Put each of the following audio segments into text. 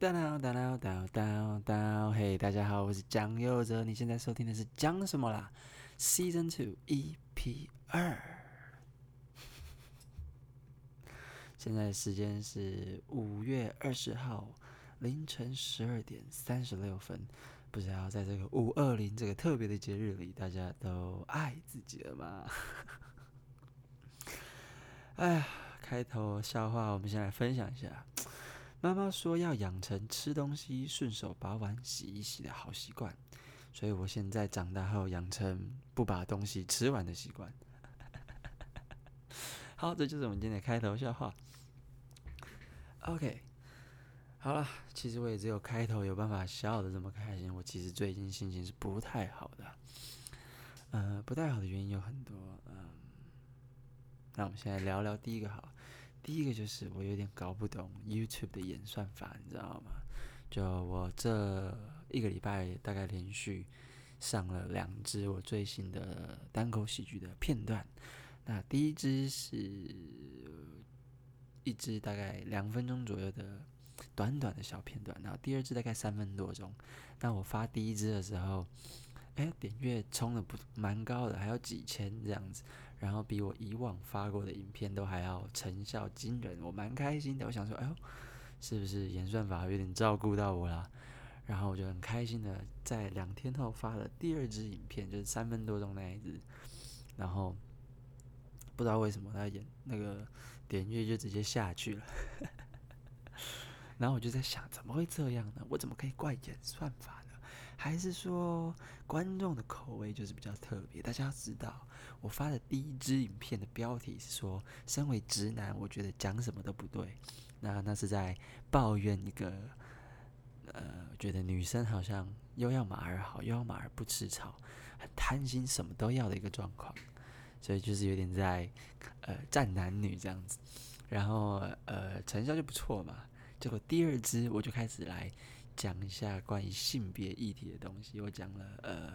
噠啦噠啦噠噠噠嘿！ hey, 大家好，我是蔣佑哲，你現在收聽的是《蔣什麼啦》Season Two EP 二。 現在時間是五月二十號凌晨十二點三十六分，不知道在這個五二零這個特別的節日裡，大家都愛自己了嗎？哎 呀，開頭笑話我們先來分享一下。媽媽說要養成吃東西順手把碗洗一洗的好習慣，所以我現在長大後養成不把東西吃完的習慣。好，這就是我們今天的開頭笑話。OK，好了，其實我也只有開頭有辦法笑得這麼開心。我其實最近心情是不太好的，呃，不太好的原因有很多，嗯，那我們現在聊聊第一個好了。第一個就是我有點搞不懂 YouTube 的演算法，你知道嗎？就我這一個禮拜大概連續上了兩支我最新的單口喜劇的片段。那第一支是一支大概兩分鐘左右的短短的小片段，然後第二支大概三分多鐘。那我發第一支的時候，哎、欸，點閱衝得不蠻高的，還有幾千這樣子。然後比我以往發過的影片都還要成效驚人，我蠻開心的。我想說，哎呦，是不是演算法有點照顧到我啦、啊？然後我就很開心的在兩天後發了第二支影片，就是三分多鐘那一支。然後不知道為什麼他演那個點閱就直接下去了。 然後我就在想，怎麼會這樣呢？我怎麼可以怪演算法？還是說，觀眾的口味就是比較特別，大家要知道，我發的第一支影片的標題是說，身為直男，我覺得講什麼都不對。那那是在抱怨一個，呃，覺得女生好像又要馬兒好，又要馬兒不吃草，很貪心，什麼都要的一個狀況，所以就是有點在，呃，戰男女這樣子，然後呃，成效就不錯嘛。結果第二支我就開始來。講一下關於性別議題的東西，我講了呃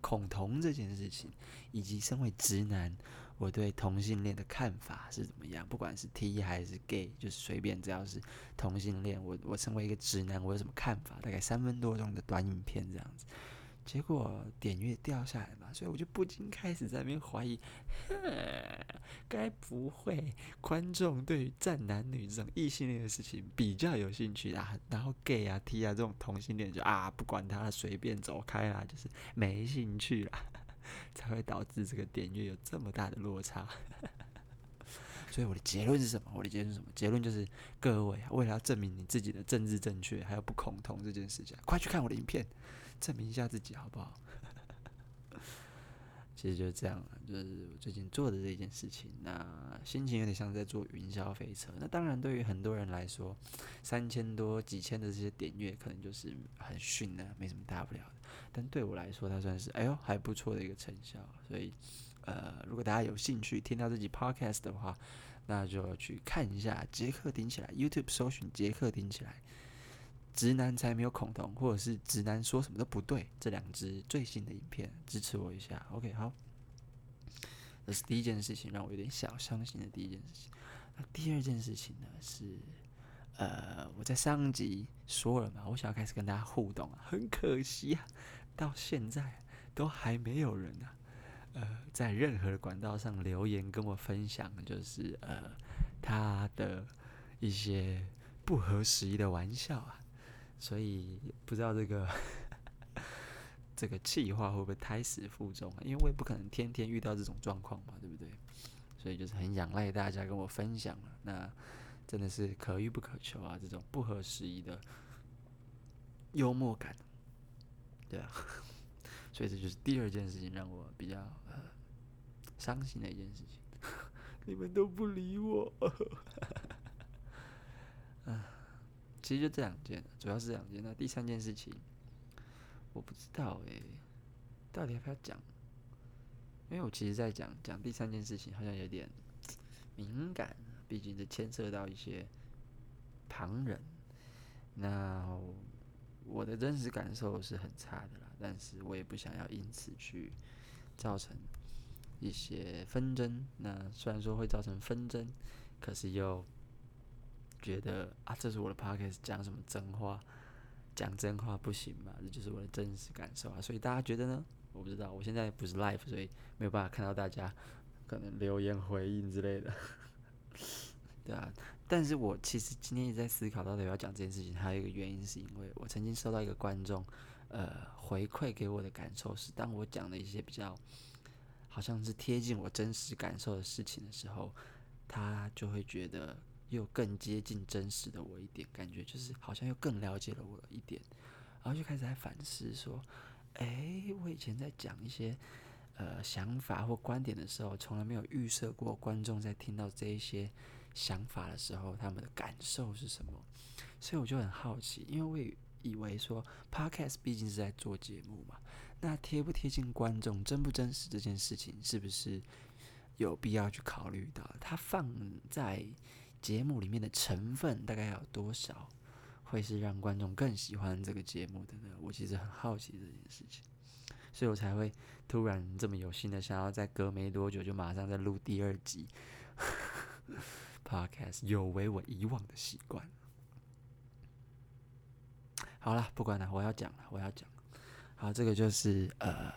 恐同這件事情，以及身為直男我對同性戀的看法是怎麼樣，不管是 T 還是 Gay，就是隨便只要是同性戀，我我身為一個直男我有什麼看法？大概三分多鐘的短影片這樣子。結果點閱掉下來了嘛，所以我就不禁開始在那邊懷疑，該不會觀眾對於戰男女這種異性戀的事情比較有興趣啊？然後 gay 啊、T 啊這種同性戀就啊不管他，隨便走開啦，就是沒興趣啦，才會導致這個點閱有這麼大的落差。所以我的結論是什麼？我的結論是什麼？結論就是各位啊，為了要證明你自己的政治正確，還有不恐同這件事情，快去看我的影片。證明一下自己，好不好？ 其實就這樣了，就是我最近做的這件事情。那心情有點像在坐雲霄飛車。那當然，對於很多人來說，三千多、幾千的這些點閱，可能就是很遜呢、啊，沒什麼大不了的。但對我來說，它算是哎呦還不錯的一個成效。所以，呃，如果大家有興趣聽到這集 Podcast 的話，那就去看一下《傑克頂起來》。YouTube 搜尋《傑克頂起來》。直男才沒有恐同，或者是直男說什麼都不對，這兩支最新的影片，支持我一下。OK，好，這是第一件事情，讓我有點小傷心的第一件事情。那第二件事情呢，是呃，我在上集說了嘛，我想要開始跟大家互動啊，很可惜啊，到現在都還沒有人啊，呃，在任何的管道上留言跟我分享，就是呃，他的一些不合時宜的玩笑啊。所以不知道這個 這個企劃會不會胎死腹中啊？因為我也不可能天天遇到這種狀況嘛，對不對？所以就是很仰賴大家跟我分享了，啊，那真的是可遇不可求啊！這種不合時宜的幽默感，對啊。所以這就是第二件事情，讓我比較呃傷心的一件事情。 你們都不理我。 其實就這兩件，主要是這兩件。那第三件事情，我不知道誒、欸，到底要不要講？因為我其實在，在講講第三件事情，好像有點敏感，畢竟這牽涉到一些旁人。那我的真實感受是很差的啦，但是我也不想要因此去造成一些紛爭。那雖然說會造成紛爭，可是又……覺得啊，這是我的 podcast，講什麼真話？講真話不行吧？這就是我的真實感受啊！所以大家覺得呢？我不知道，我現在不是 live，所以沒有辦法看到大家可能留言回應之類的。 對啊，但是我其實今天也在思考到底我要講這件事情，還有一個原因是因為我曾經收到一個觀眾呃回饋給我的感受是，當我講了一些比較好像是貼近我真實感受的事情的時候，他就會覺得。又更接近真實的我一點，感覺就是好像又更了解了我一點，然後就開始在反思說，哎、欸，我以前在講一些呃想法或觀點的時候，從來沒有預設過觀眾在聽到這一些想法的時候，他們的感受是什麼。所以我就很好奇，因為我也以為說，Podcast 畢竟是在做節目嘛，那貼不貼近觀眾，真不真實這件事情，是不是有必要去考慮到？它放在。節目裡面的成分大概有多少會是讓觀眾更喜歡這個節目的呢？我其實很好奇這件事情，所以我才會突然這麼有心的想要在隔沒多久就馬上再錄第二集 podcast，有違我以往的習慣。好了，不管了，我要講了，我要講。好，這個就是呃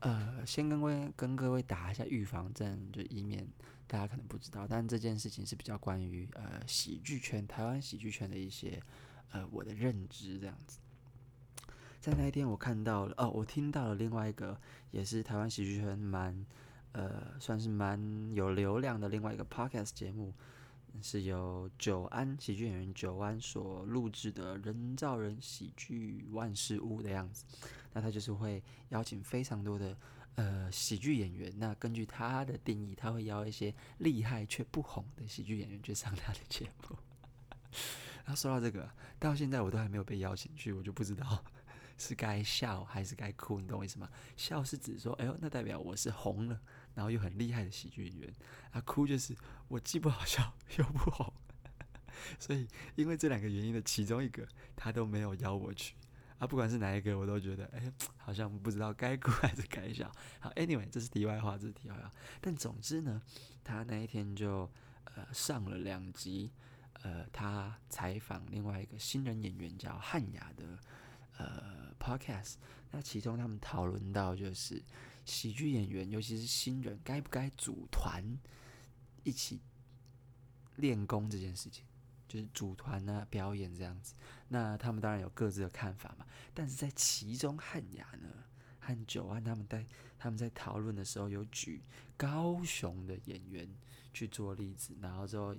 呃，先跟各位跟各位打一下預防針，就以免。大家可能不知道，但這件事情是比較關於呃喜劇圈台灣喜劇圈的一些呃我的認知這樣子。在那一天，我看到了哦，我聽到了另外一個也是台灣喜劇圈蠻呃算是蠻有流量的另外一個 podcast 節目，是由久安喜劇演員久安所錄制的《人造人喜劇萬事屋》的樣子。那他就是會邀請非常多的。呃，喜劇演員。那根據他的定義，他會邀一些厲害卻不紅的喜劇演員去上他的節目。 然後說到這個，到現在我都還沒有被邀請去，我就不知道是該笑還是該哭。你懂我意思嗎？笑是指說，哎呦，那代表我是紅了，然後又很厲害的喜劇演員。啊，哭就是我既不好笑又不紅， 所以因為這兩個原因的其中一個，他都沒有邀我去。他、啊、不管是哪一個，我都覺得，哎、欸，好像不知道該哭還是該笑。好，anyway，這是題外話，這是題外話。但總之呢，他那一天就呃上了兩集，呃，他採訪另外一個新人演員叫漢雅的呃 podcast。那其中他們討論到，就是喜劇演員，尤其是新人，該不該組團一起練功這件事情。就是組團呢，表演這樣子，那他們當然有各自的看法嘛。但是在其中，漢雅呢，漢九啊，他們在他們在討論的時候，有舉高雄的演員去做例子，然後之後，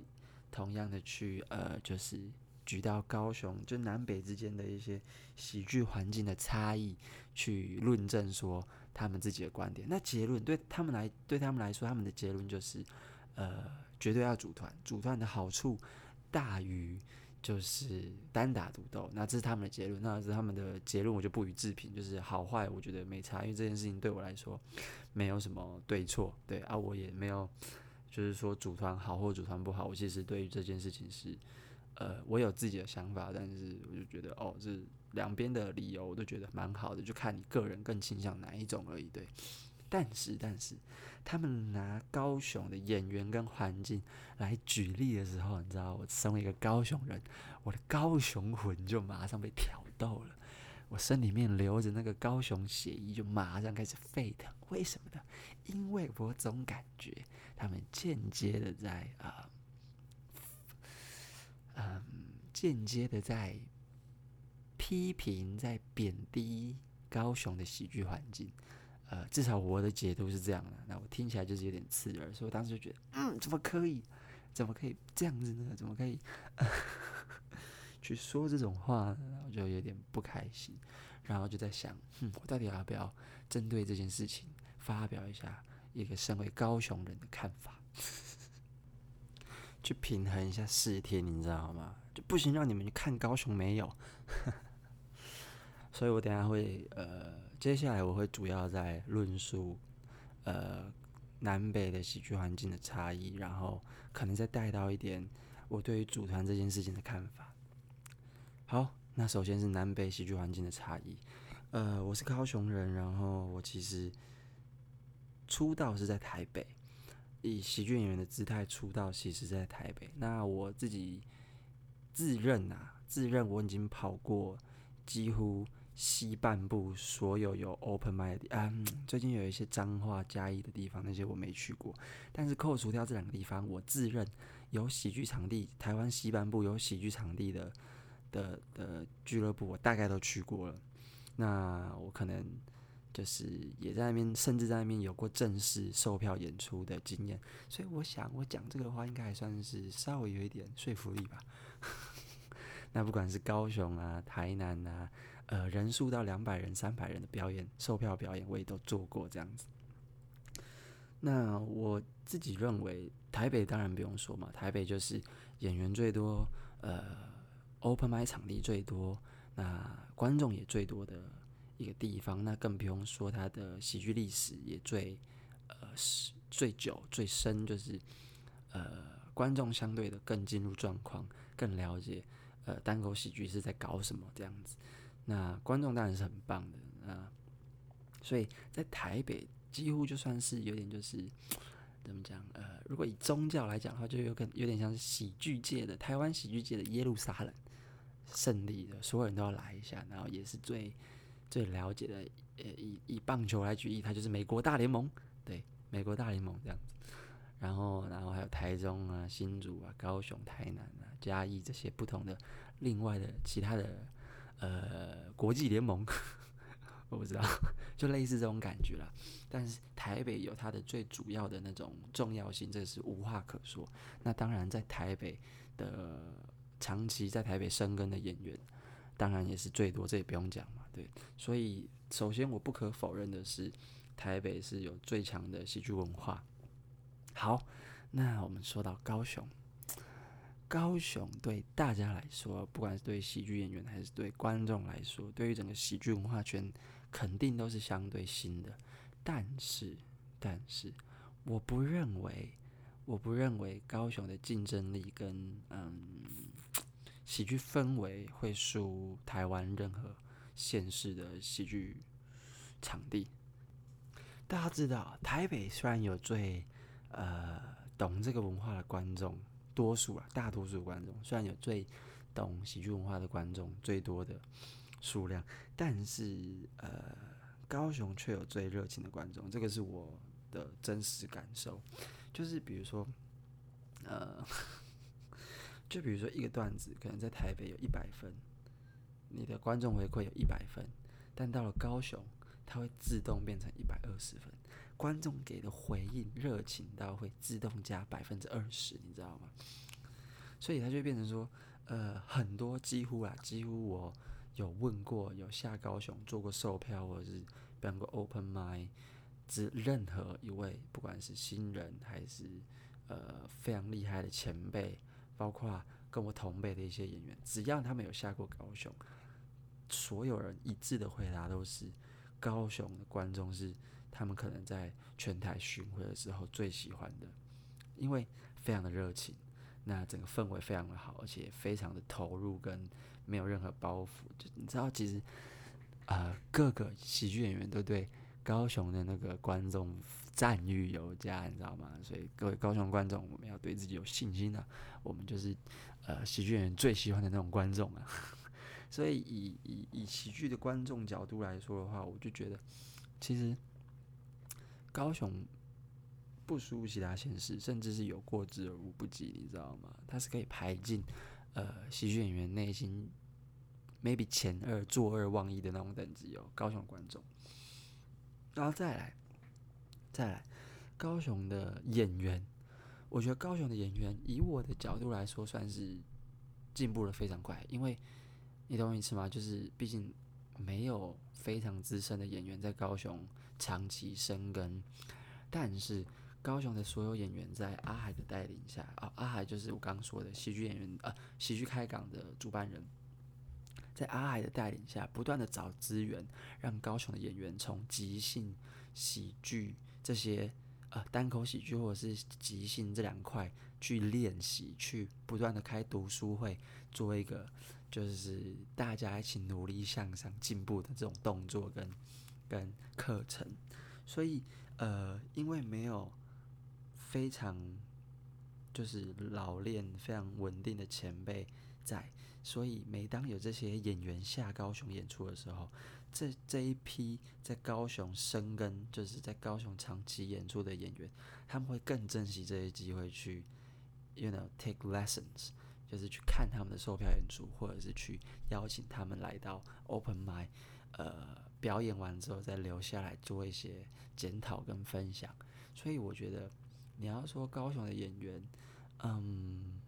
同樣的去呃，就是舉到高雄，就南北之間的一些喜劇環境的差異，去論證說他們自己的觀點。那結論對他們來對他們來說，他們的結論就是，呃，絕對要組團。組團的好處。大於就是單打獨鬥，那這是他們的結論，那是他們的結論，我就不予置評，就是好壞，我覺得沒差，因為這件事情對我來說沒有什麼對錯，對啊，我也沒有就是說組團好或組團不好，我其實對於這件事情是呃，我有自己的想法，但是我就覺得哦，這兩邊的理由我都覺得蠻好的，就看你個人更傾向哪一種而已，對。但是，但是，他們拿高雄的演員跟環境來舉例的時候，你知道，我身為一個高雄人，我的高雄魂就馬上被挑逗了。我身裡面流着那個高雄血液就馬上開始沸騰。為什麼呢？因為我總感覺他們間接的在啊、呃，嗯，間接的在批評、在貶低高雄的喜劇環境。呃，至少我的解讀是這樣的。那我聽起來就是有點刺耳，所以我當時就覺得，嗯，怎麼可以，怎麼可以這樣子呢？怎麼可以呵呵去說這種話呢？我就有點不開心，然後就在想，哼，我到底要不要針對這件事情發表一下一個身為高雄人的看法，去平衡一下視聽，你知道嗎？就不行讓你們去看高雄沒有， 所以我等下會呃。接下來我會主要在論述，呃，南北的喜劇環境的差異，然後可能再帶到一點我對於組團這件事情的看法。好，那首先是南北喜劇環境的差異。呃，我是高雄人，然後我其實出道是在台北，以喜劇演員的姿態出道，其實在台北。那我自己自認啊，自認我已經跑過幾乎。西半部所有有 open mic 啊，最近有一些彰化、嘉義的地方，那些我沒去過。但是扣除掉這兩個地方，我自認有喜劇場地，台灣西半部有喜劇場地的的的俱樂部，我大概都去過了。那我可能就是也在那邊，甚至在那邊有過正式售票演出的經驗。所以我想，我講這個的話，應該還算是稍微有一點說服力吧。 那不管是高雄啊，台南啊。呃，人數到兩百人、三百人的表演，售票表演我也都做過這樣子。那我自己認為，台北當然不用說嘛，台北就是演員最多，呃，open mic 場地最多，那觀眾也最多的一個地方。那更不用說它的喜劇歷史也最呃是最久、最深，就是呃觀眾相對的更進入狀況，更了解呃單口喜劇是在搞什麼這樣子。那觀眾當然是很棒的啊，呃，所以在台北幾乎就算是有點就是怎麼講呃，如果以宗教來講的話，就有可能有點像是喜劇界的台灣喜劇界的耶路撒冷，勝利的所有人都要來一下，然後也是最最了解的呃以以棒球來舉例，它就是美國大聯盟，對，美國大聯盟這樣子，然後然後還有台中啊、新竹啊、高雄、台南啊、嘉義這些不同的另外的其他的。呃，國際聯盟，我不知道，就類似這種感覺了。但是台北有它的最主要的那種重要性，這是無話可說。那當然，在台北的長期在台北生根的演員，當然也是最多，這也不用講嘛。對，所以首先我不可否認的是，台北是有最強的喜劇文化。好，那我們說到高雄。高雄對大家來說，不管是對喜劇演員還是對觀眾來說，對於整個喜劇文化圈，肯定都是相對新的。但是，但是，我不認為，我不認為高雄的競爭力跟嗯喜劇氛圍會輸台灣任何縣市的喜劇場地。大家知道，台北雖然有最呃懂這個文化的觀眾。多數啊，大多數的觀眾雖然有最懂喜劇文化的觀眾最多的數量，但是呃，高雄卻有最熱情的觀眾，這個是我的真實感受。就是比如說，呃，就比如說一個段子，可能在台北有一百分，你的觀眾回饋有一百分，但到了高雄，它會自動變成一百二十分。觀眾給的回應熱情到會自動加百分之二十，你知道嗎？所以他就會變成說，呃，很多幾乎啊，幾乎我有問過，有下高雄做過售票或者是辦過 open mic 之任何一位，不管是新人還是呃非常厲害的前輩，包括跟我同輩的一些演員，只要他們有下過高雄，所有人一致的回答都是，高雄的觀眾是。他們可能在全台巡迴的時候最喜歡的，因為非常的熱情，那整個氛圍非常的好，而且非常的投入，跟沒有任何包袱。就你知道，其實啊、呃，各個喜劇演員都對高雄的那個觀眾讚譽有加，你知道嗎？所以各位高雄觀眾，我們要對自己有信心啊。我們就是呃喜劇演員最喜歡的那種觀眾啊。 所以以以以喜劇的觀眾角度來說的話，我就覺得其實。高雄不輸其他縣市，甚至是有過之而無不及，你知道嗎？他是可以排進，呃，喜劇演員內心 maybe 前二作二、望一的那種等級哦。高雄觀眾，然後再來，再來，高雄的演員，我覺得高雄的演員以我的角度來說，算是進步了非常快，因為你懂我意思嗎？就是畢竟沒有非常資深的演員在高雄，長期生根，但是高雄的所有演員在阿海的帶領下啊、哦，阿海就是我剛剛說的喜劇演員啊、呃，喜劇開港的主辦人，在阿海的帶領下，不斷的找資源，讓高雄的演員從即興喜劇這些呃單口喜劇或者是即興這兩塊去練習，去，去不斷的開讀書會，做一個就是大家一起努力向上進步的這種動作跟。跟課程，所以呃，因為沒有非常就是老練、非常穩定的前輩在，所以每當有這些演員下高雄演出的時候，這這一批在高雄生根，就是在高雄長期演出的演員，他們會更珍惜這些機會去，you know，take lessons，就是去看他們的售票演出，或者是去邀請他們來到 open mic，呃。表演完之後再留下來做一些檢討跟分享，所以我覺得你要說高雄的演員，嗯，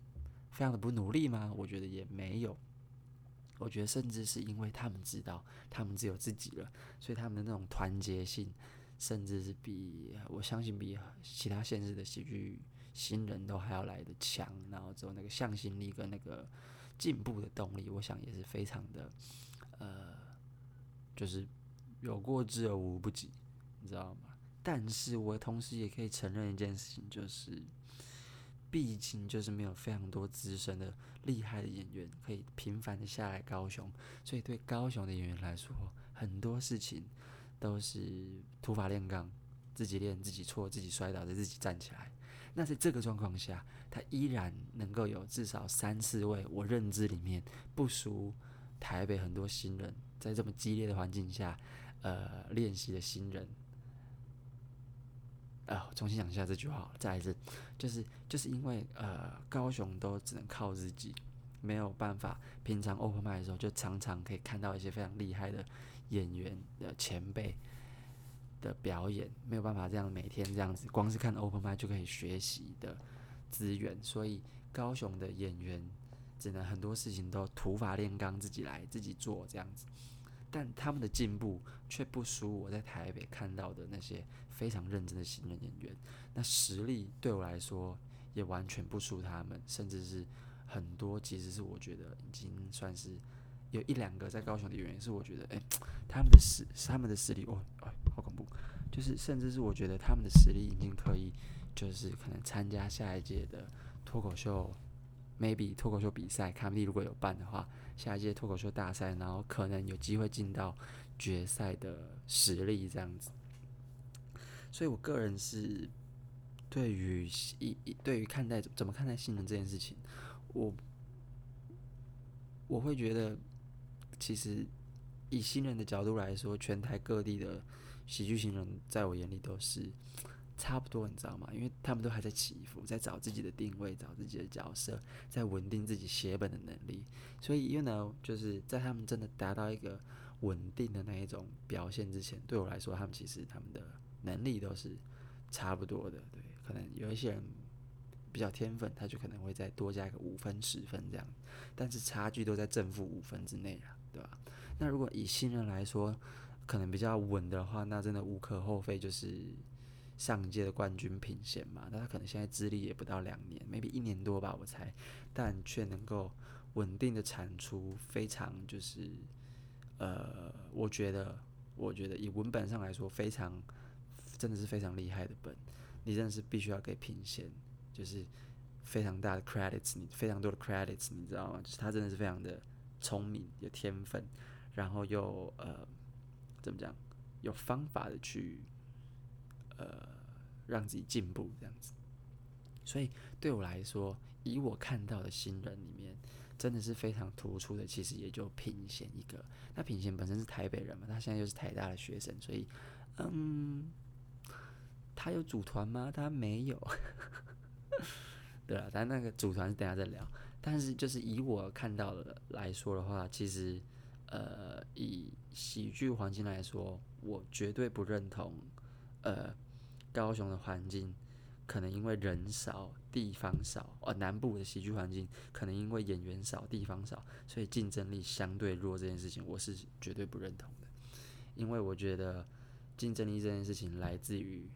非常的不努力嗎？我覺得也沒有。我覺得甚至是因為他們知道他們只有自己了，所以他們的那種團結性，甚至是比我相信比其他縣市的喜劇新人都還要來得強。然後，之後那個向心力跟那個進步的動力，我想也是非常的，呃，就是。有過之而無不及，你知道嗎？但是我同時也可以承認一件事情，就是，畢竟就是沒有非常多資深的厲害的演員可以頻繁的下來高雄，所以對高雄的演員來說，很多事情都是土法煉鋼，自己練自己錯，自己摔倒再自己站起來。那在這個狀況下，他依然能夠有至少三四位我認知裡面不輸台北很多新人，在這麼激烈的環境下。呃，練習的新人，呃，重新講一下這句話，再來一次，就是就是因為呃，高雄都只能靠自己，沒有辦法。平常 open 麥的時候，就常常可以看到一些非常厲害的演員的前輩的表演，沒有辦法這樣每天這樣子，光是看 open 麥就可以學習的資源，所以高雄的演員只能很多事情都土法煉鋼，自己來，自己做這樣子。但他們的進步卻不輸我在台北看到的那些非常認真的新人演員，那實力對我來說也完全不輸他們，甚至是很多其實是我覺得已經算是有一兩個在高雄的演員是我覺得，誒、欸，他們的實他們的實力哦，哦，好恐怖！就是甚至是我覺得他們的實力已經可以，就是可能參加下一屆的脫口秀，maybe 脫口秀比賽，卡米如果有辦的話。下一屆脫口秀大賽，然後可能有機會進到決賽的實力這樣子，所以我個人是對於一一對於看待怎麼看待新人這件事情，我我會覺得，其實以新人的角度來說，全台各地的喜劇新人，在我眼裡都是，差不多，你知道嗎？因為他們都還在起伏，在找自己的定位，找自己的角色，在穩定自己寫本的能力。所以，you know，就是在他們真的達到一個穩定的那一種表現之前，對我來說，他們其實他們的能力都是差不多的。對，可能有一些人比較天分，他就可能會再多加一個五分、十分這樣，但是差距都在正負五分之內啊，對吧？那如果以新人來說，可能比較穩的話，那真的無可厚非，就是。上一屆的冠軍平賢嘛，但他可能現在資歷也不到兩年，maybe 一年多吧，我猜，但卻能夠穩定的產出非常就是，呃，我覺得，我覺得以文本上來說，非常真的是非常厲害的本，你真的是必須要給平賢，就是非常大的 credits，你非常多的 credits，你知道嗎？就是、他真的是非常的聰明，有天分，然後又呃，怎麼講，有方法的去。呃，讓自己進步這樣子，所以對我來說，以我看到的新人裡面，真的是非常突出的，其實也就品賢一個。那品賢本身是台北人嘛，他現在又是台大的學生，所以，嗯，他有組團嗎？他沒有。 對啊，但那個組團等下再聊。但是就是以我看到的來說的話，其實，呃，以喜劇環境來說，我絕對不認同，呃。高雄的環境可能因為人少、地方少，而、哦、南部的喜劇環境可能因為演員少、地方少，所以競爭力相對弱。這件事情我是絕對不認同的，因為我覺得競爭力這件事情來自於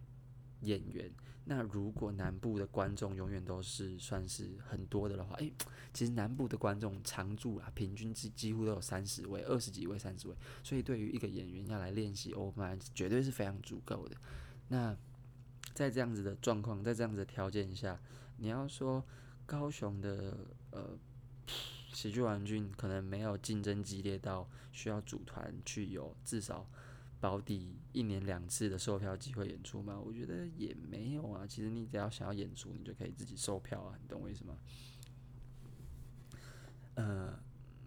演員。那如果南部的觀眾永遠都是算是很多的,的話，誒、欸，其實南部的觀眾常駐啊，平均幾幾乎都有三十位、二十幾位、三十位，所以對於一個演員要來練習，哦，蠻絕對是非常足夠的。那在這樣子的狀況，在這樣子的條件下，你要說高雄的呃喜劇環境可能沒有競爭激烈到需要組團去有，至少保底一年兩次的售票機會演出嗎？我覺得也沒有啊。其實你只要想要演出，你就可以自己售票啊。你懂我意思嗎？呃，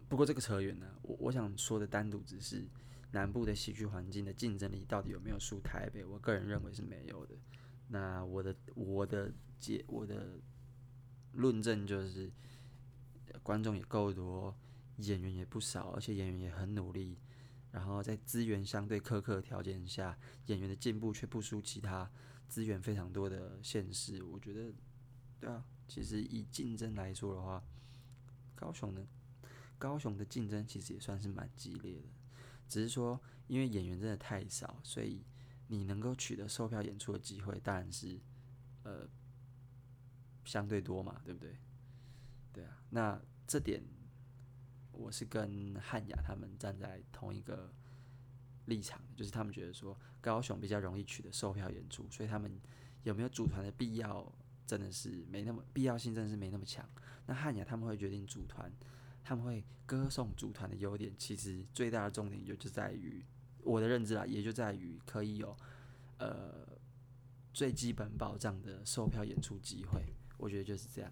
不過這個扯遠了啊。我我想說的單獨只是南部的喜劇環境的競爭力到底有沒有輸台北，我個人認為是沒有的。那我的我的解我的論證就是，觀眾也夠多，演員也不少，而且演員也很努力，然後在資源相對苛刻條件下，演員的進步卻不輸其他資源非常多的縣市，我覺得，對啊，其實以競爭來說的話，高雄的高雄的競爭其實也算是蠻激烈的，只是說因為演員真的太少，所以。你能夠取得售票演出的機會當然是，呃，相對多嘛，對不對？對啊，那這點我是跟漢雅他們站在同一個立場，就是他們覺得說高雄比較容易取得售票演出，所以他們有沒有組團的必要，真的是沒那麼必要性，真的是沒那麼強。那漢雅他們會決定組團，他們會歌頌組團的優點，其實最大的重點就就在於。我的認知啊，也就在於可以有，呃，最基本保障的售票演出機會，我覺得就是這樣，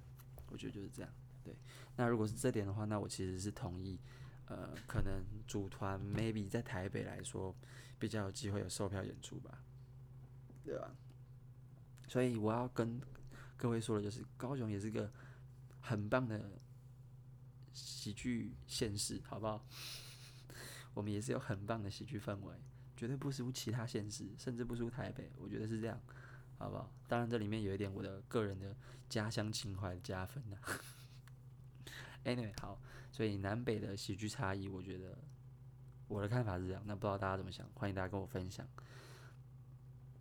我覺得就是這樣，對。那如果是這點的話，那我其實是同意，呃，可能組團 maybe 在台北來說比較有機會有售票演出吧，對吧？所以我要跟各位說的就是，高雄也是個很棒的喜劇縣市，好不好？我們也是有很棒的喜劇氛圍，絕對不輸其他縣市，甚至不輸台北。我覺得是這樣，好不好？當然，這裡面有一點我的個人的家鄉情懷加分、啊、 Anyway，好，所以南北的喜劇差異，我覺得我的看法是這樣。那不知道大家怎麼想？歡迎大家跟我分享。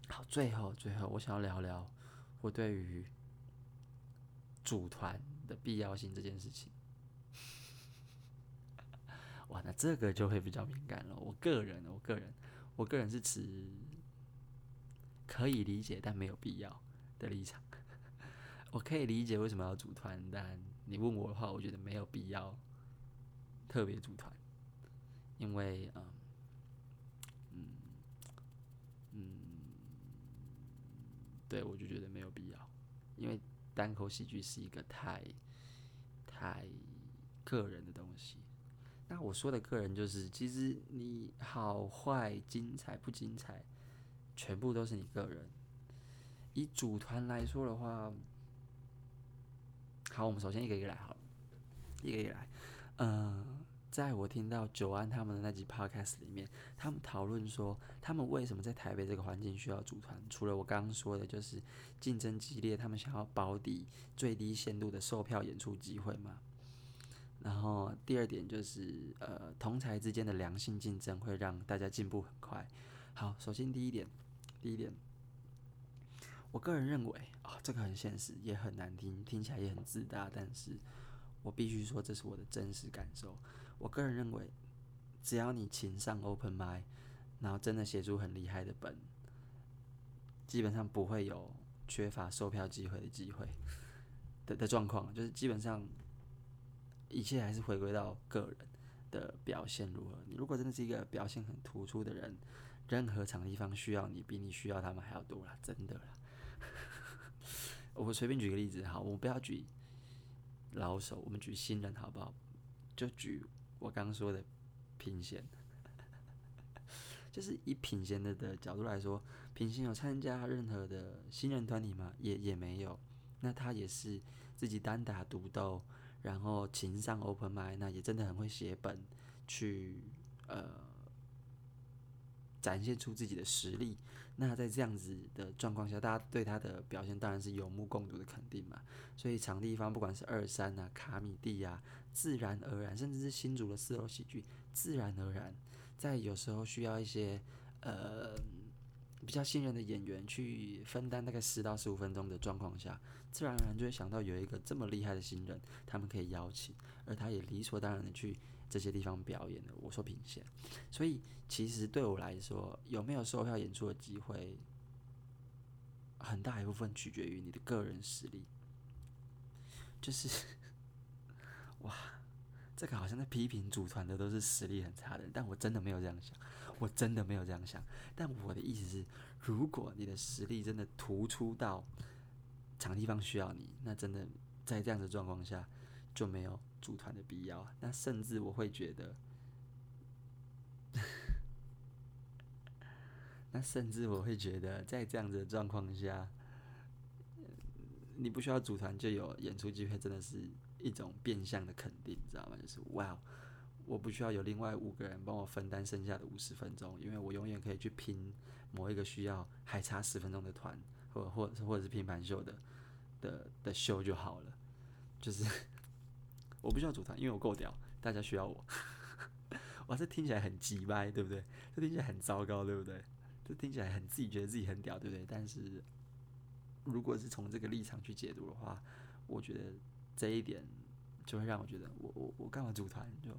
好，最後最後，我想要聊聊我對於組團的必要性這件事情。哇，那這個就會比較敏感了。我個人，我個人，我個人是持可以理解但沒有必要的立場。 我可以理解為什麼要組團，但你問我的話，我覺得沒有必要特別組團，因為嗯嗯嗯，對，我就覺得沒有必要，因為單口喜劇是一個太，太個人的東西。那我說的個人就是，其實你好壞、精彩不精彩，全部都是你個人。以組團來說的話，好，我們首先一個一個來，好，一個一個來。嗯、呃，在我聽到久安他們的那集 podcast 裡面，他們討論說，他們為什麼在台北這個環境需要組團？除了我剛剛說的，就是競爭激烈，他們想要保底最低限度的售票演出機會嘛。然後第二點就是，呃，同儕之間的良性競爭會讓大家進步很快。好，首先第一點，第一點，我個人認為啊、哦，這個很現實，也很難聽，聽起來也很自大，但是我必須說，這是我的真實感受。我個人認為，只要你勤上 open mind，然後真的寫出很厲害的本，基本上不會有缺乏售票機會的機會的的狀況，就是基本上。一切還是回歸到個人的表現如何。你如果真的是一個表現很突出的人，任何場地方需要你比你需要他們還要多啦，真的啦。 我隨便舉個例子，好，我們不要舉老手，我們舉新人好不好？就舉我剛剛說的品賢， 就是以品賢的的角度來說，品賢有參加任何的新人團體嗎？也也沒有。那他也是自己單打獨鬥。然後情商 open 麥，那也真的很會寫本去，去呃，展現出自己的實力。那在這樣子的狀況下，大家對他的表現當然是有目共睹的肯定嘛。所以場地方不管是二三啊、卡米地啊，自然而然，甚至是新竹的四樓喜劇，自然而然，在有時候需要一些呃。比較信任的演員去分擔大概十到十五分鐘的狀況下，自然而然就會想到有一個這麼厲害的新人，他們可以邀請，而他也理所當然的去這些地方表演了。我說平線。所以其實對我來說，有沒有售票演出的機會，很大一部分取決於你的個人實力。就是，哇，這個好像在批評組團的都是實力很差的，但我真的沒有這樣想。我真的沒有這樣想，但我的意思是，如果你的實力真的突出到場地方需要你，那真的在這樣的狀況下就沒有組團的必要。那甚至我會覺得， 那甚至我會覺得，在這樣子的狀況下，你不需要組團就有演出機會，真的是一種變相的肯定，你知道嗎？就是哇、wow。我不需要有另外五個人幫我分擔剩下的五十分鐘，因為我永遠可以去拼某一個需要還差十分鐘的團，或或或者是拼盤秀的的的秀就好了。就是我不需要組團，因為我夠屌，大家需要我。我 這聽起來很雞掰，對不對？這聽起來很糟糕，對不對？這聽起來很自己覺得自己很屌，對不對？但是如果是從這個立場去解讀的話，我覺得這一點就會讓我覺得我，我我我幹嘛組團就？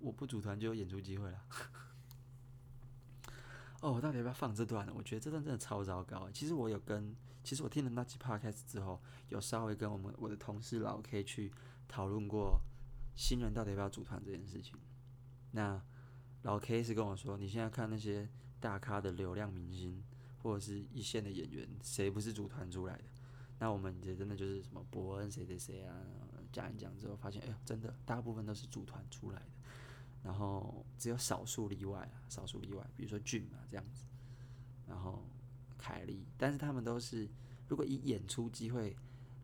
我不組團就有演出機會了。 哦，我到底要不要放這段呢？我覺得這段真的超糟糕。其實我有跟，其實我聽了那幾 part 開始之後，有稍微跟我們我的同事老 K 去討論過新人到底要不要組團這件事情。那老 K 是跟我說，你現在看那些大咖的流量明星，或者是一線的演員，誰不是組團出來的？那我們這真的就是什麼博恩誰誰誰啊？講一講之後發現，哎、欸、呦，真的大部分都是組團出來的。然後只有少數例外啊，少數例外，比如說俊啊這樣子，然後凱麗，但是他們都是如果以演出機會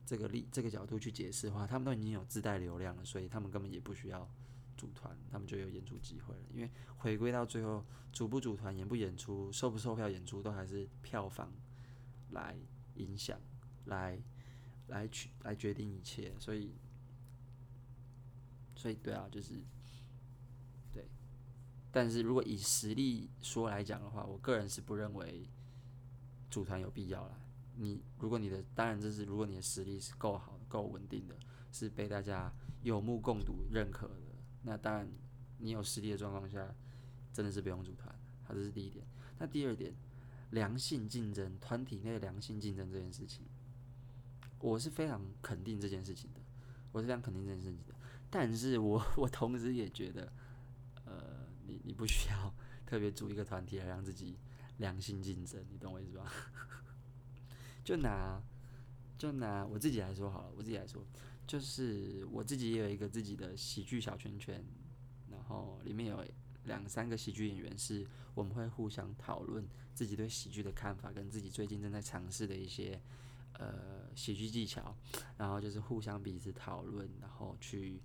這個立這個角度去解釋的話，他們都已經有自帶流量了，所以他們根本也不需要組團，他們就有演出機會了。因為回歸到最後，組不組團、演不演出、售不售票演出，都還是票房來影響、來來去、來決定一切。所以，所以對啊，就是。但是如果以實力說來講的話，我個人是不認為組團有必要了。你如果你的當然這是如果你的實力是夠好，夠穩定的，是被大家有目共睹認可的，那當然你有實力的狀況下，真的是不用組團。好，這是第一點。那第二點，良性競爭，團體內的良性競爭這件事情，我是非常肯定這件事情的，我是非常肯定這件事情的。但是我我同時也覺得。你不需要特別組一個團體來讓自己良性競爭，你懂我意思吧？ 就拿就拿我自己來說好了，我自己來說，就是我自己也有一個自己的喜劇小圈圈，然後裡面有兩三個喜劇演員，是我們會互相討論自己對喜劇的看法，跟自己最近正在嘗試的一些呃喜劇技巧，然後就是互相彼此討論，然後去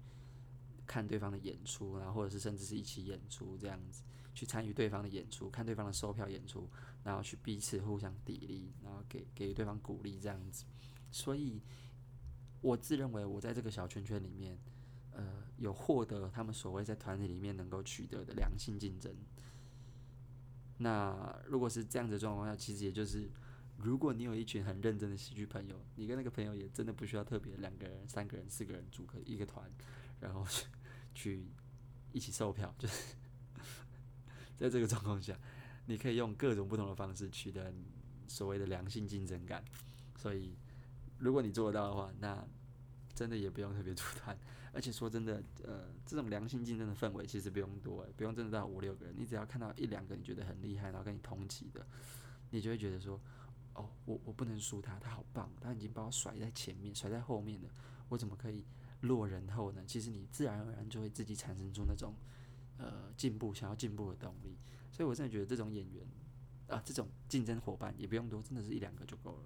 看對方的演出，然後或者是甚至是一起演出這樣子，去參與對方的演出，看對方的售票演出，然後去彼此互相砥礪，然後給給對方鼓勵這樣子。所以我自認為我在這個小圈圈裡面，呃，有獲得他們所謂在團體裡面能夠取得的良性競爭。那如果是這樣子的狀況下，其實也就是，如果你有一群很認真的喜劇朋友，你跟那個朋友也真的不需要特別兩個人、三個人、四個人組個一個團，然後去去一起售票，就是 在這個狀況下，你可以用各種不同的方式取得所謂的良性競爭感。所以，如果你做得到的話，那真的也不用特別組團。而且說真的，呃，這種良性競爭的氛圍其實不用多、欸，不用真的到五六個人，你只要看到一兩個你覺得很厲害，然後跟你同級的，你就會覺得說，哦，我我不能輸他，他好棒，他已經把我甩在前面，甩在後面了，我怎麼可以？落人後呢，其實你自然而然就會自己產生出那種，呃，進步，想要進步的動力。所以我真的覺得這種演員啊，這種競爭夥伴也不用多，真的是一兩個就夠了。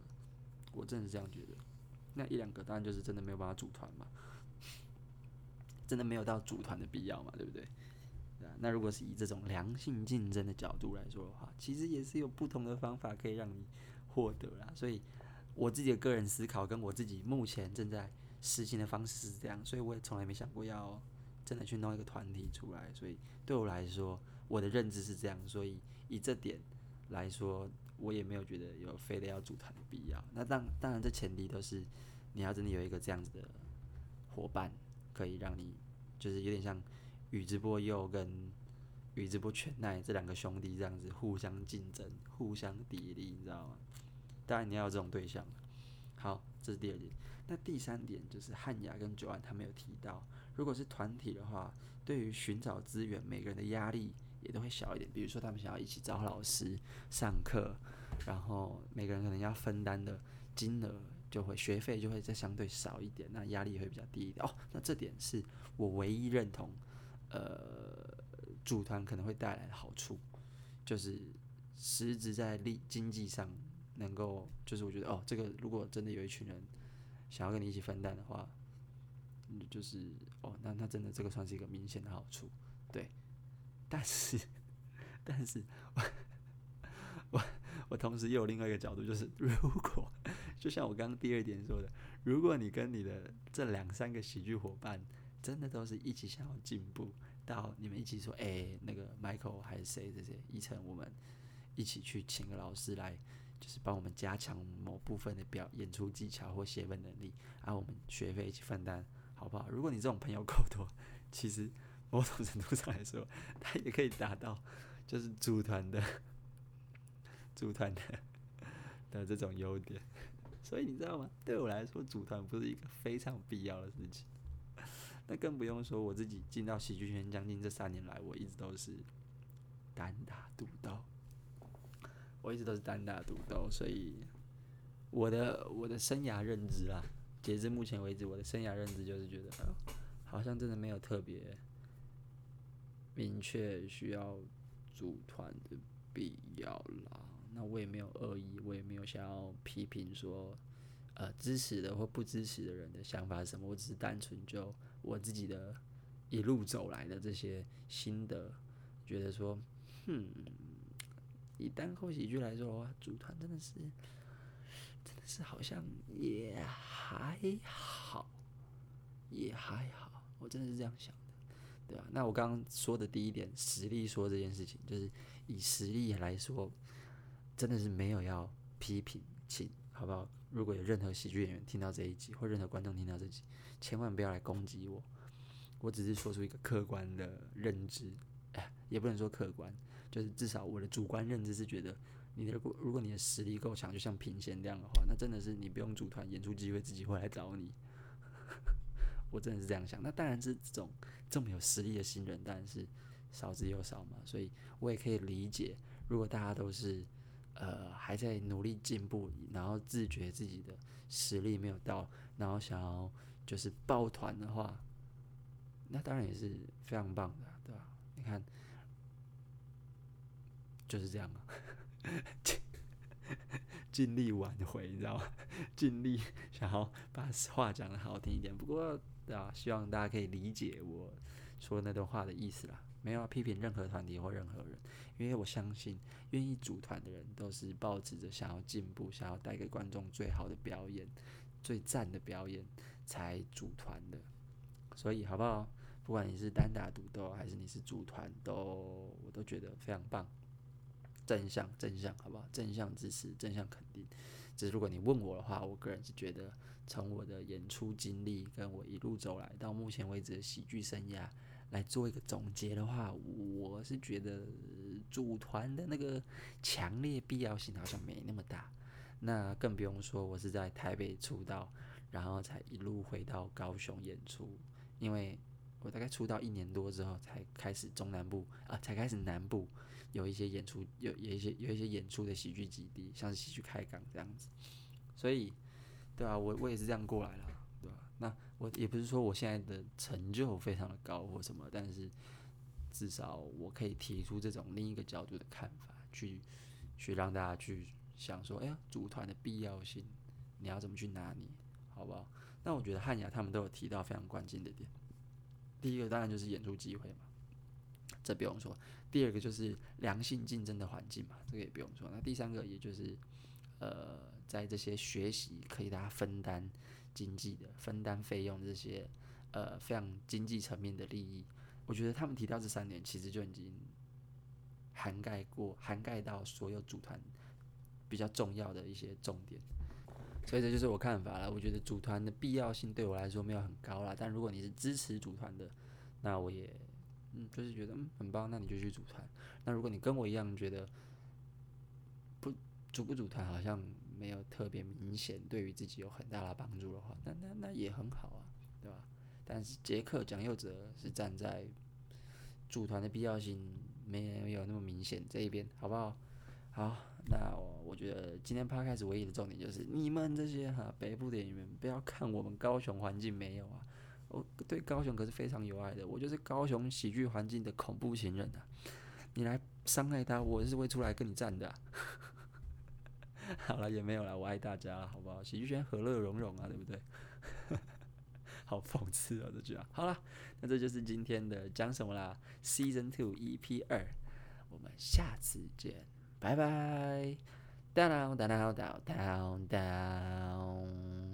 我真的是這樣覺得。那一兩個當然就是真的沒有辦法組團嘛，真的沒有到組團的必要嘛，對不對？那如果是以這種良性競爭的角度來說的話，其實也是有不同的方法可以讓你獲得啦。所以我自己的個人思考跟我自己目前正在。實行的方式是這樣，所以我也從來沒想過要真的去弄一個團體出來。所以對我來說，我的認知是這樣，所以以這點來說，我也沒有覺得有非得要組團的必要。那當然當然，這前提都是你要真的有一個這樣子的夥伴，可以讓你就是有點像宇智波鼬跟宇智波泉奈這兩個兄弟這樣子互相競爭、互相砥礪，你知道嗎？當然你要有這種對象。好，這是第二點。那第三點就是漢雅跟九安，他們有提到，如果是團體的話，對於尋找資源，每個人的壓力也都會小一點。比如說，他們想要一起找老師上課，然後每個人可能要分擔的金額就會學費就會再相對少一點，那壓力會比較低一點。哦，那這點是我唯一認同，呃，組團可能會帶來的好處，就是實質在利經濟上能夠，就是我覺得哦，這個如果真的有一群人。想要跟你一起分擔的話，嗯，就是哦，那那真的這個算是一個明顯的好處，對。但是，但是我，我我同時又有另外一個角度，就是如果，就像我剛剛第二點說的，如果你跟你的這兩三個喜劇夥伴真的都是一起想要進步，到你們一起說，哎、欸，那個 Michael 還是誰這些，一晨，我們一起去請個老師來。就是幫我們加強某部分的表演出技巧或寫文能力，然後我們學費一起分擔，好不好？如果你這種朋友夠多，其實某種程度上來說，他也可以達到就是組團的、組團的的這種優點。所以你知道嗎？對我來說，組團不是一個非常必要的事情。那更不用說我自己進到喜劇圈將近這三年來，我一直都是單打獨鬥。我一直都是單打獨鬥，所以我的我的生涯認知啊，截至目前為止，我的生涯認知就是覺得，呃、好像真的沒有特別明確需要組團的必要啦。那我也沒有惡意，我也沒有想要批評說，呃，支持的或不支持的人的想法是什麼。我只是單純就我自己的一路走來的這些心得，覺得說，哼、嗯。以單口喜劇來說的話，組團真的是，真的是好像也還好，也還好，我真的是這樣想的，對啊。那我剛剛說的第一點，實力說這件事情，就是以實力來說，真的是沒有要批評，請好不好？如果有任何喜劇演員聽到這一集，或任何觀眾聽到這一集，千萬不要來攻擊我，我只是說出一個客觀的認知，哎，也不能說客觀。就是至少我的主觀認知是覺得，你的如果如果你的實力夠強，就像平賢這樣的話，那真的是你不用組團，演出機會，自己會來找你。 我真的是這樣想。那當然是這種這麼有實力的新人，當然是少之又少嘛。所以我也可以理解，如果大家都是呃還在努力進步，然後自覺自己的實力沒有到，然後想要就是抱團的話，那當然也是非常棒的，對吧？啊，對啊。你看。就是這樣。盡盡 力挽回，你知道嗎？盡力想要把話講得好聽一點。不過啊，希望大家可以理解我說那段話的意思啦。沒有要批評任何團體或任何人，因為我相信，願意組團的人都是抱持着想要進步、想要帶給觀眾最好的表演、最贊的表演才組團的。所以，好不好？不管你是單打獨鬥，還是你是組團，都我都覺得非常棒。正向，正向，好不好？正向支持，正向肯定。只是如果你問我的話，我個人是覺得，從我的演出經歷跟我一路走來到目前為止的喜劇生涯來做一個總結的話，我是覺得組團的那個強烈必要性好像沒那麼大。那更不用說，我是在台北出道，然後才一路回到高雄演出，因為我大概出道一年多之後才開始中南部啊、呃，才開始南部。有一些演出，有有一些有一些演出的喜劇基地，像是喜劇開港這樣子，所以，對啊，我我也是這樣過來了，對吧？啊？那我也不是說我現在的成就非常的高或什麼，但是至少我可以提出這種另一個角度的看法，去去讓大家去想說，哎呀，組團的必要性，你要怎麼去拿捏，好不好？那我覺得漢雅他們都有提到非常關鍵的點，第一個當然就是演出機會嘛。這不用說，第二個就是良性競爭的環境嘛，這個也不用說。那第三個，也就是呃，在這些學習可以大家分擔經濟的、分擔費用這些呃非常經濟層面的利益，我覺得他們提到這三點，其實就已經涵蓋過、涵蓋到所有組團比較重要的一些重點。所以這就是我看法了。我覺得組團的必要性對我來說沒有很高了，但如果你是支持組團的，那我也。嗯，就是覺得嗯，很棒。那你就去組團。那如果你跟我一樣覺得不組不組團，好像沒有特別明顯對於自己有很大的幫助的話，那那那也很好啊，對吧？但是傑克蔣佑哲是站在組團的必要性沒有那麼明顯這一邊，好不好？好，那我我覺得今天趴開始唯一的重點就是你們這些哈、啊、北部的演員，不要看我們高雄環境沒有啊。我對高雄可是非常有愛的，我就是高雄喜劇環境的恐怖情人啊，你來傷害他，我是會出來跟你戰的、啊。 好了，也沒有了，我愛大家，好不好？喜劇圈和樂融融啊，對不對？ 好諷刺啊、喔，這句啊。好了，那這就是今天的蔣什麼啦，Season Two EP 二，我們下次見，拜拜。Down down down down down。